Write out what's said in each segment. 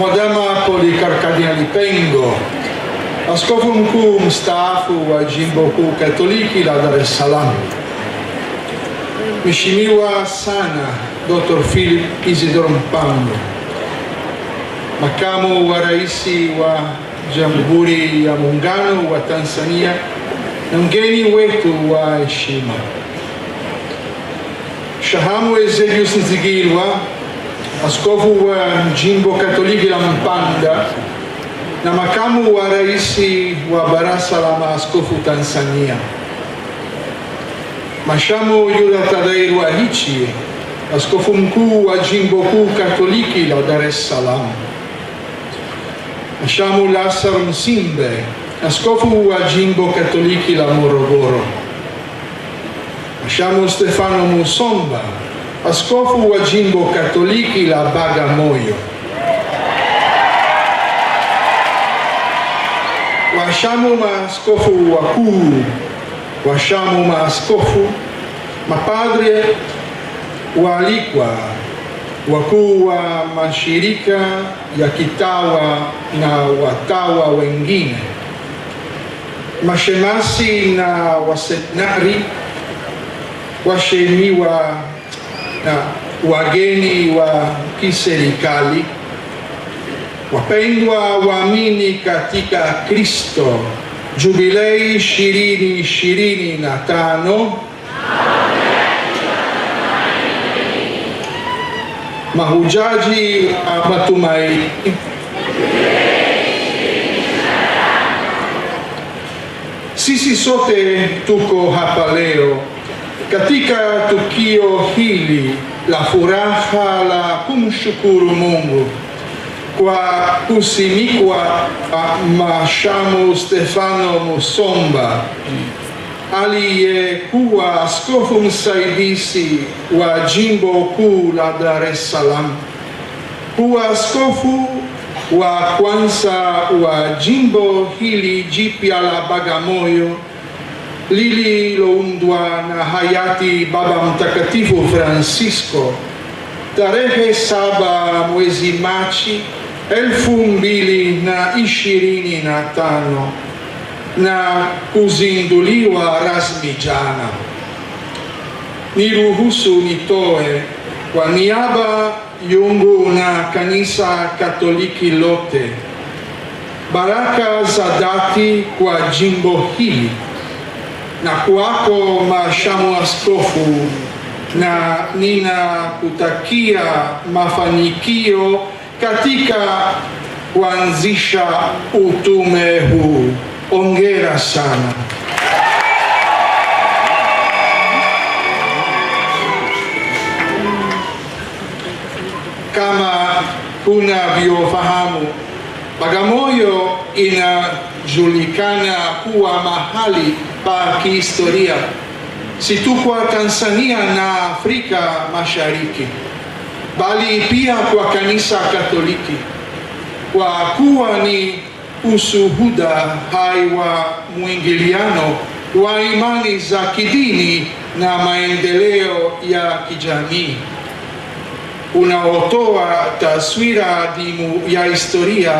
Madama Policarcadia Lipengo, Ascovunku Mustafu Wajimboku Katoliki la Dar es Mishimiwa sana Dr. Philip Isidor Pango. Macamo wa rais wa jamburi ya Muungano wa Tanzania na wetu wa heshima, Shahamu Ezebius Nzigilwa askofu wa jimbo Katoliki la Mpanda na makamu wa rais wa baraza la maaskofu Tanzania. Mashamo Yudatadair wa Hichi, askofu mkuu wa jimbo kuu Katoliki la Dar es Salaam. Mashamo Lazar Msimbe, askofu wa jimbo Katoliki la Morogoro. Mashamo Stefano Musomba askofu wa jimbo Katoliki la Bagamoyo. Washamu maaskofu wakuu, washamu maaskofu, mapadre waalikwa, wakuu wa mashirika ya kitawa na watawa wengine, mashemasi na waseminari, washemiwa na wageni wa kiserikali, wapendwa waamini katika Kristo, Jubilei ishirini ishirini na tano mahujaji wa matumaini sisi sote tuko hapa leo katika tukio hili la furaha la kumshukuru Mungu kwa kusimikwa Mashamo Stefano Musomba aliyekuwa askofu msaidizi wa jimbo kuu la Dar es Salaam kuwa askofu wa kwanza wa jimbo hili jipya la Bagamoyo lililoundwa na hayati Baba Mtakatifu Francisco tarehe saba mwezi Machi elfu mbili na ishirini na tano na kuzinduliwa rasmi jana. Niruhusu nitoe kwa niaba yungu na kanisa Katoliki lote baraka za dhati kwa jimbo hili na kuwako Mhashamu Askofu, na ninakutakia mafanikio katika kuanzisha utume huu. Ongera sana. Kama unavyofahamu, Bagamoyo inajulikana kuwa mahali baki historia si tu kwa Tanzania na Afrika Mashariki, bali pia kwa kanisa Katoliki, kwa kuwa ni ushuhuda hai wa mwingiliano wa imani za kidini na maendeleo ya kijamii unaotoa taswira dimu ya historia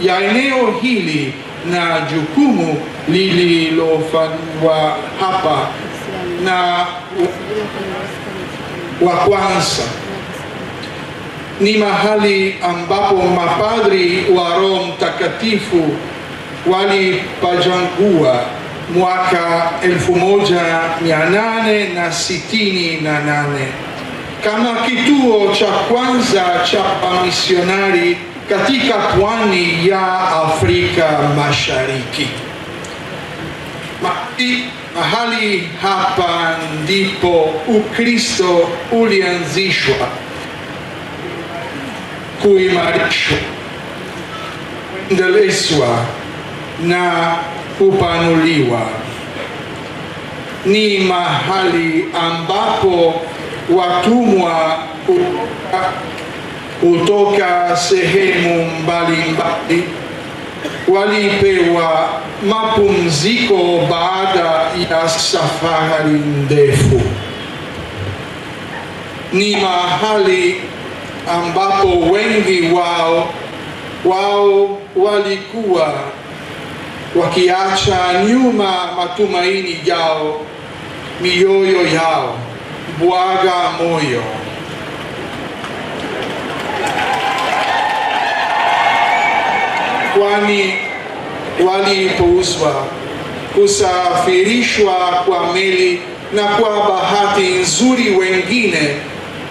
ya eneo hili na jukumu lililofanywa hapa na wa kwanza ni mahali ambapo mapadri wa Roho Mtakatifu walipajangua mwaka 1868 na kama kituo cha kwanza cha wamisionari katika pwani ya Afrika Mashariki. Mahali hapa ndipo Ukristo ulianzishwa kuimarishwa, endelezwa na kupanuliwa. Ni mahali ambapo watumwa kutoka sehemu mbalimbali walipewa mapumziko baada ya safari ndefu. Ni mahali ambapo wengi wao wao walikuwa wakiacha nyuma matumaini yao, mioyo yao bwaga moyo kwani walipouzwa kusafirishwa kwa meli, na kwa bahati nzuri wengine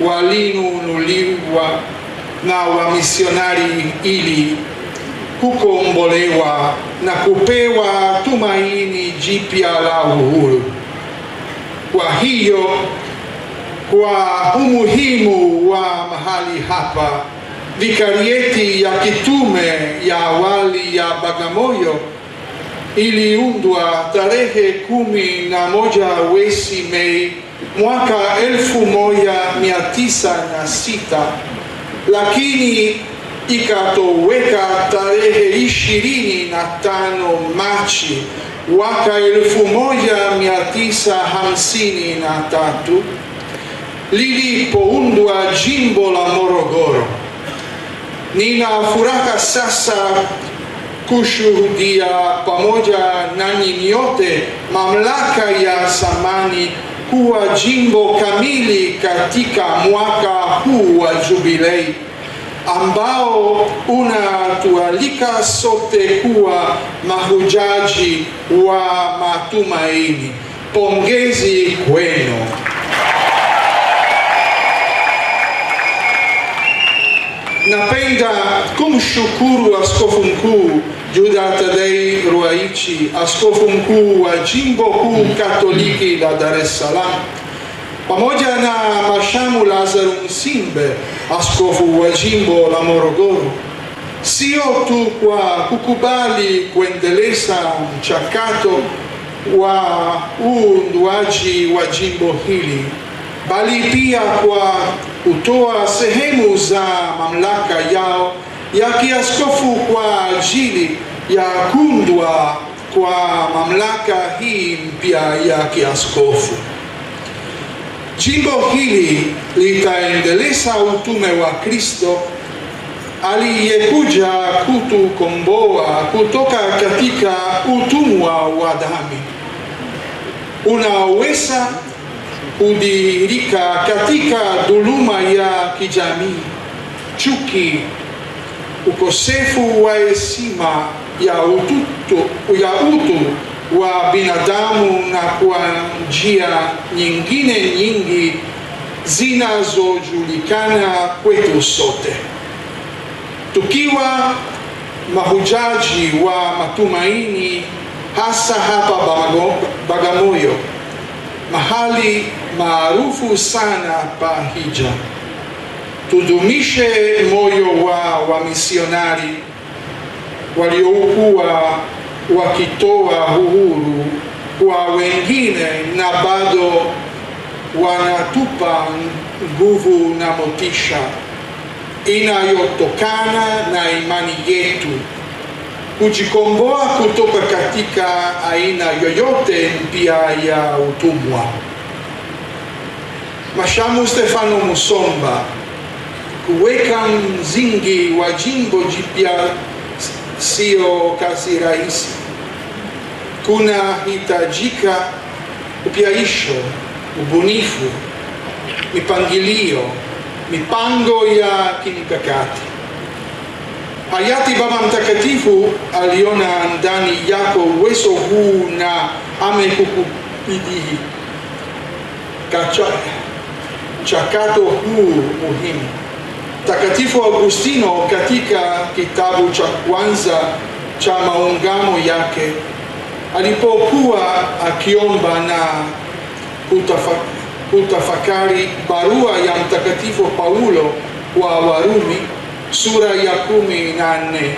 walinunuliwa na wamisionari ili kukombolewa na kupewa tumaini jipya la uhuru. Kwa hiyo, kwa umuhimu wa mahali hapa vikarieti ya kitume ya awali ya Bagamoyo iliundwa tarehe kumi na moja wesi Mei mwaka elfu moja mia tisa na sita lakini ikatoweka tarehe ishirini na tano Machi mwaka elfu moja mia tisa hamsini na tatu lilipoundwa jimbo la Morogoro. Nina furaha sasa kushuhudia pamoja nanyi nyote mamlaka ya samani kuwa jimbo kamili katika mwaka huu wa jubilei ambao unatualika sote kuwa mahujaji wa matumaini. Pongezi kwenu. Napenda kumshukuru Askofu Mkuu Juda Tadei Ruwaichi, askofu mkuu wa jimbo kuu Katoliki la Dar es Salaam, pamoja na Mashamu lazaru Msimbe, askofu wa jimbo la Morogoro, sio tu kwa kukubali kuendeleza mchakato wa uundwaji wa jimbo hili, bali pia kwa kutoa sehemu za mamlaka yao ya kiaskofu kwa ajili ya kundwa kwa mamlaka hii mpya ya kiaskofu. Jimbo hili litaendeleza utume wa Kristo aliyekuja kutukomboa kutoka katika utumwa wa dhambi. Unaweza udirika katika dhuluma ya kijamii, chuki, ukosefu wa heshima ya utu ya utu wa binadamu na kwa njia nyingine nyingi zinazojulikana kwetu sote. Tukiwa mahujaji wa matumaini, hasa hapa Bagamoyo, mahali maarufu sana pa hija. Tudumishe moyo wa wamisionari waliokuwa wakitoa uhuru kwa wengine na bado wanatupa nguvu na motisha inayotokana na imani yetu kujikomboa kutoka katika aina yoyote mpya ya utumwa. Mashamu Stefano Musomba kuweka mzingi wa jimbo jipya sio kazi rahisi. Kuna hitajika upyaisho, ubunifu, mipangilio, mipango ya kimkakati. Hayati Baba Mtakatifu aliona ndani yako uwezo huu na amekukubihi kacha mchakato huu muhimu. takatifu Augustino katika kitabu cha kwanza cha maungamo yake alipokuwa akiomba na kutafakari barua ya Mtakatifu Paulo kwa Warumi sura ya kumi na nne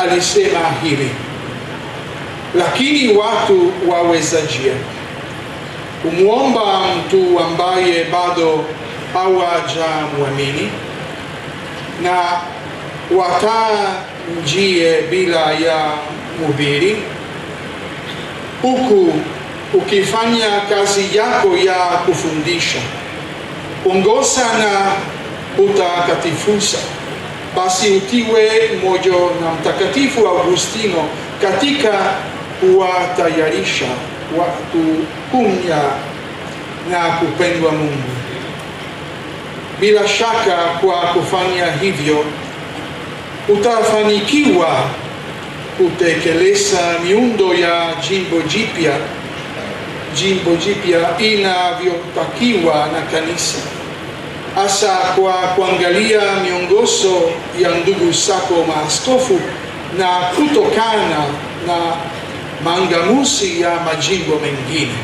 alisema hili lakini watu wawezajia kumwomba mtu ambaye bado mwamini na njie bila ya mubiri huku ukifanya kazi yako ya kufundisha. Ongoza na utakatifusa basi utiwe mojo na Mtakatifu Augustino katika kuwatayarisha kuja na kupendwa Mungu. Bila shaka kwa kufanya hivyo utafanikiwa kutekeleza miundo ya jimbo jipya jimbo jipya inavyotakiwa na kanisa, hasa kwa kuangalia miongozo ya ndugu sako maaskofu na kutokana na maangamuzi ya majimbo mengine.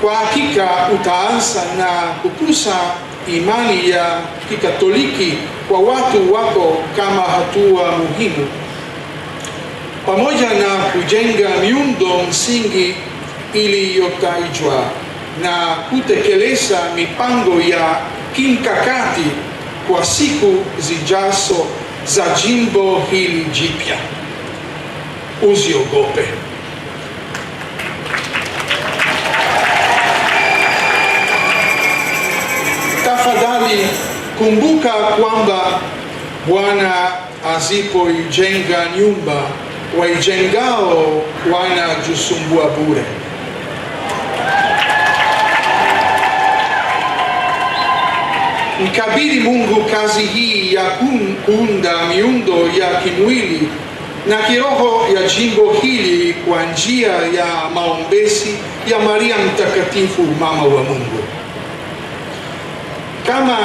Kwa hakika utaanza na kukusa imani ya Kikatoliki kwa watu wako kama hatua muhimu, pamoja na kujenga miundo msingi iliyotajwa na kutekeleza mipango ya kimkakati kwa siku zijazo za jimbo hili jipya usiogope. Tafadhali kumbuka kwamba Bwana asipoijenga nyumba, waijengao wanajisumbua bure. Mkabili Mungu kazi hii ya kuunda miundo ya kimwili na kiroho ya jimbo hili kwa njia ya maombezi ya Maria Mtakatifu, mama wa Mungu. Kama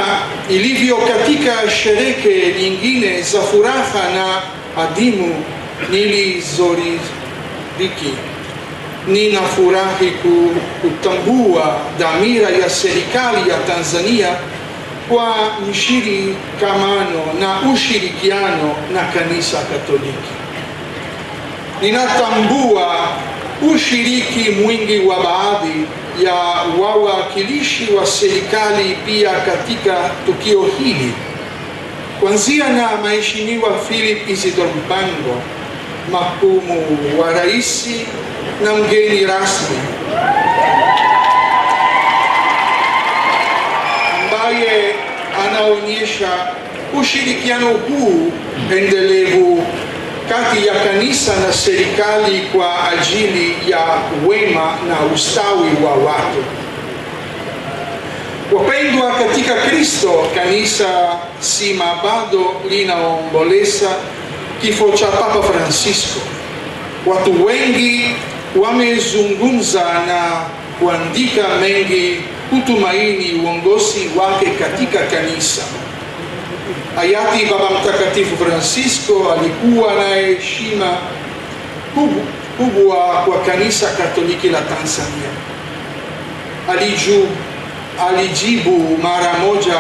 ilivyo katika sherehe nyingine za furaha na adimu nilizoriki, furahi kutambua dhamira ya serikali ya Tanzania kwa mshirikamano na ushirikiano na kanisa Katoliki ninatambua ushiriki mwingi wa baadhi ya wawakilishi wa serikali pia katika tukio hili, kuanzia na Mheshimiwa Philip Isidor Mpango, makamu wa rais na mgeni rasmi, ambaye anaonyesha ushirikiano huu endelevu kati ya kanisa na serikali kwa ajili ya wema na ustawi wa watu. Wapendwa katika Kristo, kanisa si bado linaomboleza kifo cha Papa Francisco. Watu wengi wamezungumza na kuandika mengi kutumaini uongozi wake katika kanisa. Hayati Baba Mtakatifu Francisco alikuwa na heshima kubwa kwa kanisa Katoliki la Tanzania. Aliju, alijibu mara moja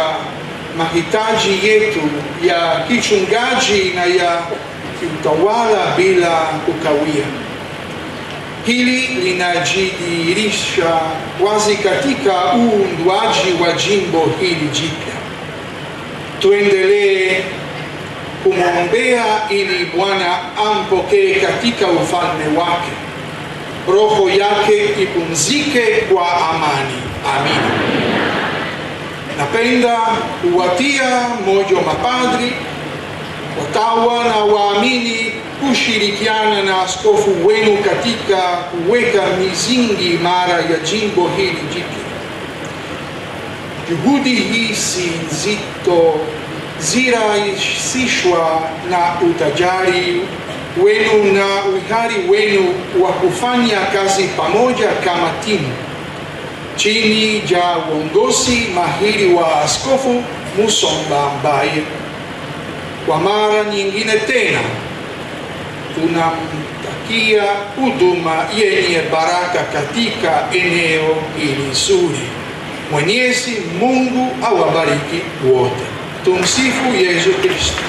mahitaji yetu ya kichungaji na ya kiutawala bila kukawia. Hili linajidhihirisha wazi katika uundwaji wa jimbo hili jipya tuendelee kumwombea ili Bwana ampokee katika ufalme wake, roho yake ipumzike kwa amani. Amina. Napenda kuwatia moyo mapadri, watawa na waamini kushirikiana na askofu wenu katika kuweka misingi imara ya jimbo hili jipya. Juhudi hii si nzito ziraisishwa na utajari wenu na uhari wenu wa kufanya kazi pamoja kama timu chini ya uongozi mahiri wa Askofu Musomba ambaye kwa mara nyingine tena tunamtakia huduma yenye baraka katika eneo hili zuri. conhece mundo ao abarique do outro. Tom Sifo Jesus Cristo.